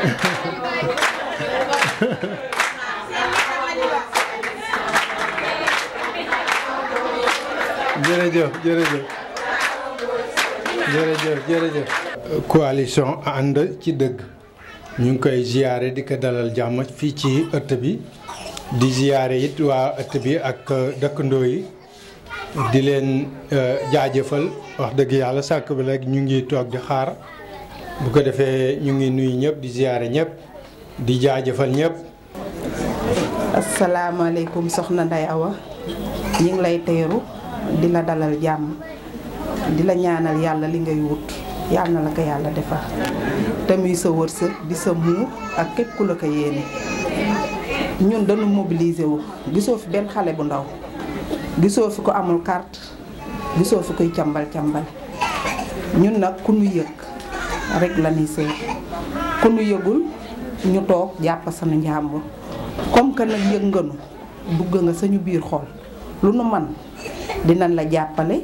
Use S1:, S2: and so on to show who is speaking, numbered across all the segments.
S1: jërëjëf jërëjëf jërëjëf jërëjëf coalition ànd ci dëgg ñu ngi koy ziyaare di ko dalal jàmm fii ci ëtt bi di ziyaare it waa ëtt bi ak euh, dëkkandoo yi di leen euh, jaajëfal wax dëgg yàlla sàkk bi rek ñu ngi toog di xaar bu ko defee ñu ngi nuyu ñëpp di ziyaare ñëpp di jaajëfal ñëpp.
S2: asalaamaaleykum soxna Ndeye Awa ñi lay teeru di la dalal jàmm di la ñaanal yàlla li ngay wut yàlla na la ko yàlla defar te muy sa wërsëg di sa muur ak képp ku la ko yéene ñun dañu mobiliser wu gisoo fi benn xale bu ndaw gisoo fi ko amul carte gisoo fi koy càmbal càmbal ñun nag ku nu yëg. rek la ñuy seet ku nu yëgul ñu toog jàpp sanu njàmbur comme que nag yëg nga nu dugg nga sañu biir xool lu nu man dinañ la jàppale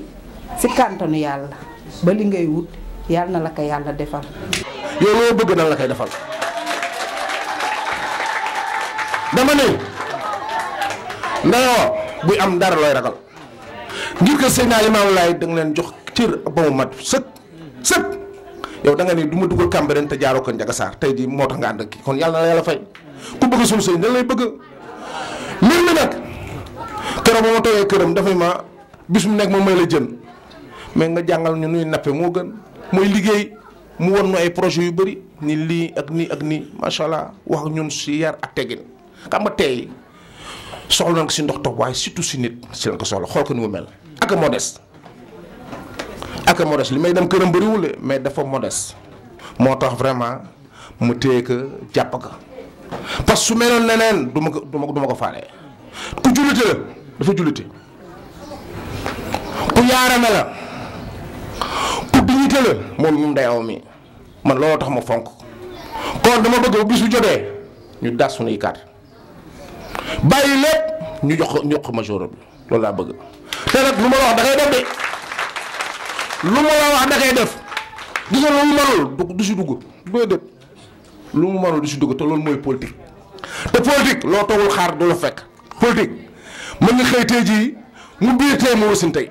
S2: si kàntanu yàlla ba li ngay wut yàlla na la ko yàlla defal.
S1: yow loo bëgg nan la koy defal dama ne ndaw buy am dara looy ragal ngir ko seen alimaamu laay danga leen jox cër ba mu mat sëkk sëkk. yow da nga ni duma duggal Cambérène te jaaro ko Ndiaga Sarr tey jii moo nga ànd kon yalla na yalla fay ku bëgg suñu sey dañ lay bëgg mbir mi nak kërëm mo ma kërëm da fay ma bisum nek mo may la jëm mais nga jangal ñu nuy nappé mo gën moy liggéey mu won no ay projet yu bari ni li ak ni ak nii macha allah wax ñun ci yar ak teggin xam nga tay soxlo nak ci ndox toog way surtout ci nit ci lañ ko soxla xool ko ni mu mel ak modeste ak modeste li may dem këram bëriwul mais dafa modeste moo tax vraiment mu téye ko jàpp ka parce que su meloon neneen du ma ko du ma ko faale ku jullite la dafa jullite ku yaarame la ku dignité la moom moom day aw mi man looloo tax ma fonk kon dama bëgg bi su jotee ñu das suñuy kàddu bàyyi lépp ñu jox ko ñu jox ko bi loolu laa bëgg te nag lu ma la wax da ngay lu ma la wax da def gis nga lu mu mënul du si dugg doo dëpp lu mu mënul du si dugg te loolu mooy politique te politique loo toogul xaar du fekk politique mën nga xëy tey jii mu biir tey mu wasin tey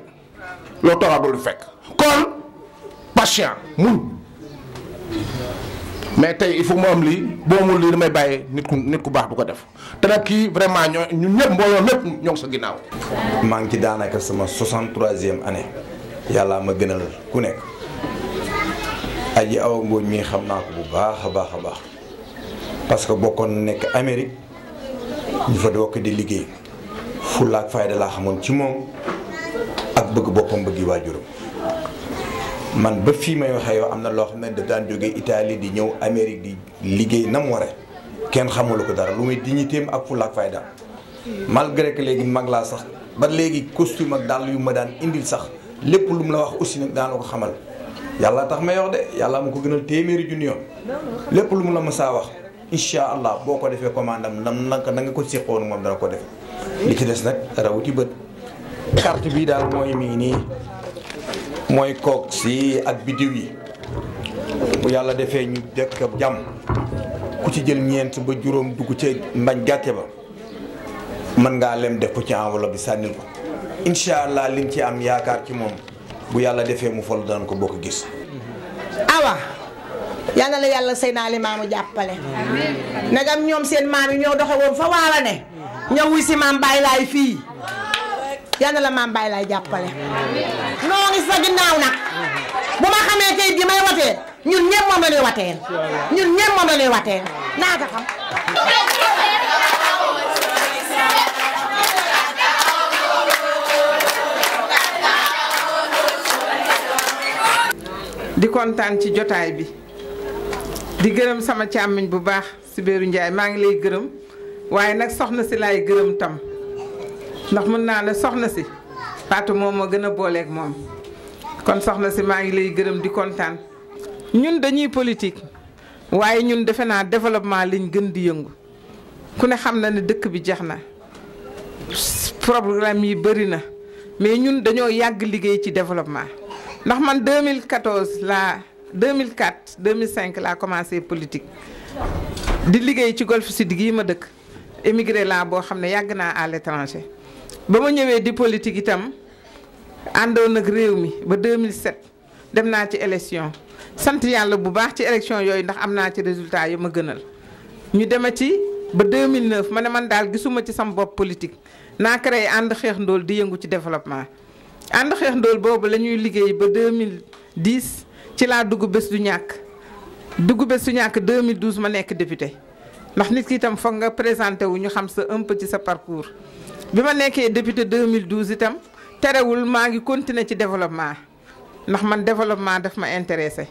S1: loo toogaat du fekk kon patient mun mais tey il faut mu am lii boo amul lii damay bàyyee nit ku nit ku baax du ko def te nag kii vraiment ñoo ñun ñëpp mbooloo mépp ñoo ngi sa ginnaaw.
S3: maa ngi ci daanaka sama 63e année. yàlla ma gënal ku nekk aji awa ngooñ mii xam naa ko bu baax a baax a baax parce que bokkoon nekk Amérique ñu fa dokk di liggéey fulla ak fayda laa xamoon ci moom ak bëgg boppam bëggi waajuram man ba fii may waxee yow am na loo xam ne da daan jóge Italie di ñëw Amérique di liggéey nam ware kenn xamul ko dara lu muy dignitéem ak fulla ak fayda malgré que léegi mag laa sax ba léegi costume ak dàll yu ma daan indil sax lépp lu mu la wax aussi nag xamal yàlla tax may wax de yàlla mu ko gënal téeméeri junni yoon lépp lu mu la masaa wax incha allah boo ko defee commande am nam naka na nga ko séqoon moom dana ko def li ci des nag rawuti bët carte bi daal mooy mii nii mooy kook si ak biddiw yi bu yàlla defee ñu dëkk jàmm ku ci jël ñeent ba juróom dugg ca mbañ gàtte ba mën ngaa lem def ko ci enveloppe bi sànnil ko incha allah liñ ci am yaakaar ci moom bu yàlla defee mu fol daan ko bokk gis.
S2: awa yal na la yàlla say naa li maamu jàppale. nagam ñoom seen maam yi ñoo doxe fa waala ne. ñëw wuy si maam Baye fii yal la maam Baye jàppale. noo ngi sa ginnaaw nag bu ma xamee kayit gi may wateel ñun ñëpp moom la ñuy wateel naata xam. di kontaan ci jotaay bi di gërëm sama càmmiñ bu baax Sibéru Njaay maa ngi lay gërëm waaye nag soxna si laay gërëm tam ndax mën naa ne soxna si Fatou moom moo gën a booleek moom kon soxna si maa ngi lay gërëm di kontaan ñun dañuy politique waaye ñun defe naa développement liñ gën di yëngu ku ne xam na ne dëkk bi jeex na programme yi bëri na mais ñun dañoo yàgg liggéey ci développement ndax man 2014 la 2004 2005 la commencé politique di liggéey ci golf sud gi ma dëkk émigré la boo xam ne yàgg naa à l'étranger ba ma ñëwee di politique itam àndoon ak réew mi ba 2007 dem naa ci élection sant yàlla bu baax ci élection yooyu ndax am naa ci résultat yi ma gënal ñu dema ci ba 2009 ma ne man daal gisuma ci sam bopp politique naa créé ànd xeex ndool di yëngu ci développement and xeex ndol bobu lañuy ñuy liggéey ba 2010 ci la dugg bés du ñàkk dugg bés du ñàkk 2012 ma nekk député ndax nit ki itam foog nga présenté wu ñu xam sa un peu ci sa parcours. bi ma nekkee député 2012 itam terewul maa ngi continuer ci développement ndax man développement daf ma intéressé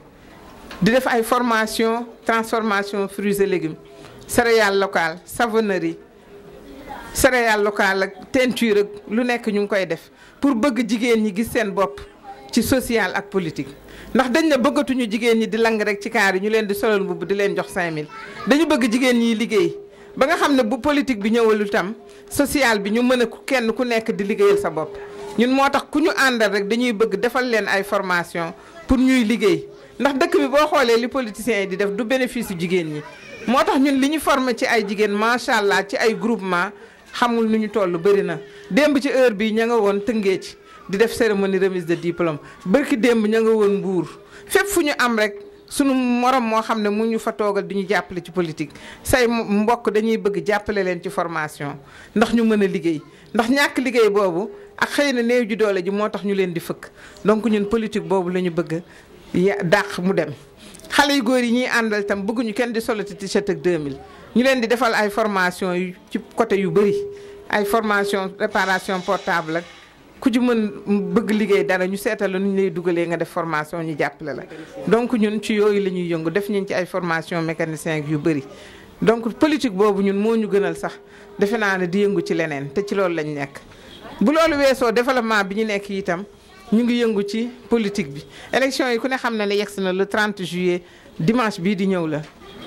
S2: di def ay formation transformation fruits et légumes céréales locales savonnerie céréales local ak teinture ak lu nekk ñu ngi koy def pour bëgg jigéen ñi gis seen bopp ci social ak politique. ndax dañ ne bëggatuñu jigéen ñi di lang rek ci kaar yi ñu leen di solal mbubb di leen jox 5000 dañu bëgg jigéen ñi liggéey ba nga xam ne bu politique bi ñëwalul itam social bi ñu mën a kenn ku nekk di liggéeyal sa bopp. ñun moo tax ku ñu àndal rek dañuy bëgg defal leen ay formation pour ñuy liggéey ndax dëkk bi boo xoolee li politiciens yi di def du bénéfice jigéen ñi. moo tax ñun li ñu formé ci ay jigéen macha allah ci ay groupement xamul nu ñu toll bëri na démb ci heure bii ñu nga woon tëngee ci di def cérémonie remise de diplôme bërki démb ña nga woon mbuur fépp fu ñu am rek sunu morom moo xam ne mu ñu fa toogal di ñu jàppale ci politique say mbokk dañuy bëgg jàppale leen ci formation ndax ñu mën a liggéey ndax ñàkk liggéey boobu ak xëy na néew ji doole ji moo tax ñu leen di fëkk donc ñun politique boobu la ñu bëgg dàq mu dem xale yu góor yi ñuy àndal tam bëgguñu kenn di sol t-shirt ak 2000 ñu leen di defal ay formation yu ci côté yu bëri ay formation réparation portable ak ku ci mën bëgg liggéey dara ñu seetal la nu lay dugalee nga def formation ñu jàppale la donc ñun ci yooyu la ñuy yëngu def ñun ci ay formation mécanicien yu bëri donc politique boobu ñun moo ñu gënal sax defe naa ne di yëngu ci leneen te ci loolu lañ nekk bu loolu weesoo développement bi ñu nekk itam ñu ngi yëngu ci politique bi élection yi ku ne xam na ne yegg si na le 30 juillet dimanche bii di ñëw la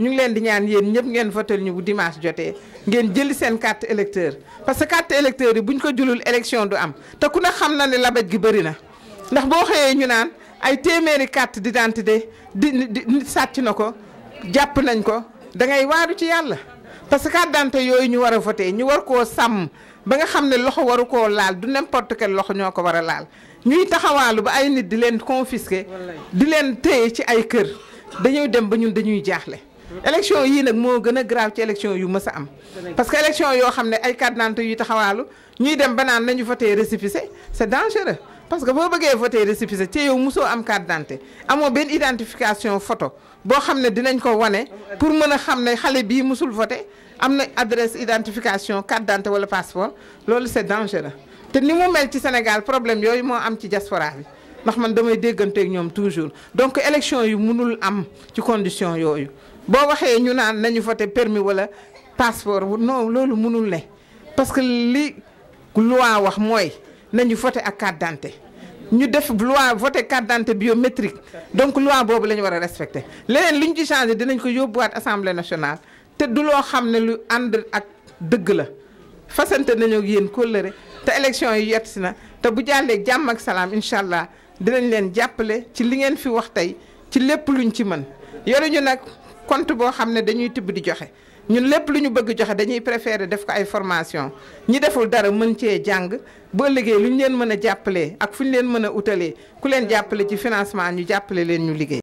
S2: ñu ngi leen di ñaan yéen ñëpp ngeen votel ñu bu dimanche jotee ngeen jëli seen carte électeur parce que carte électeur yi bu ñu ko julul élection du am te ku ne xam na ne labaj gi bari na ndax boo xëyee ñu naan ay téeméeri carte d'identité di di sàcc na ko jàpp nañ ko da ngay waaru ci yàlla parce que carte yooyu ñu war a voté ñu war koo sàmm ba nga xam ne loxo waru koo laal du n'importe quel loxo ñoo ko war a laal ñuy taxawaalu ba ay nit di leen confisquer di leen téye ci ay kër dañuy dem ba ñun dañuy jaaxle élection yi nag moo gën a grave ci élection yu mës a am parce que élection yoo xam ne ay carte d'identité yu taxawaalu ñuy dem ba naan nañu voté récépissé c'est dangereux parce que boo bëggee voté récépissé ci yow mosoo am carte d'identité amoo benn identification photo boo xam ne dinañ ko wane pour mën a xam ne xale bii mosul voté am na adresse identification carte d'identité wala passeport loolu c'est dangereux te ni mu mel ci Sénégal problème yooyu moo am ci diaspora bi ndax man damay dégganteeg ñoom toujours donc élection yu mënul am ci condition yooyu boo waxee ñu naan nañu voté permis wala passeport non loolu mënul ne parce que li loi wax mooy nañu voté ak carte d'identité ñu def loi voté carte d'identité biométrique donc loi boobu la ñu war respecté leneen lu ñu ci changé dinañ ko yóbbuwaat assemblée nationale te du loo xam ne lu ànd ak dëgg la fasante nañoo yéen kóllëre te élection yi yett si na te bu jàllee jàmm ak salaam incha allah dinañ leen jàppale ci li ngeen fi wax tey ci lépp luñ ci mën yoruñu nag compte boo xam ne dañuy tibb di joxe ñun lépp lu ñu bëgg joxe dañuy préférer def ko ay formation ñi deful dara mën cee jàng boo liggéey lu ñu leen mën a jàppalee ak fu ñu leen mën a utalee ku leen jàppale ci financement ñu jàppale leen ñu liggéey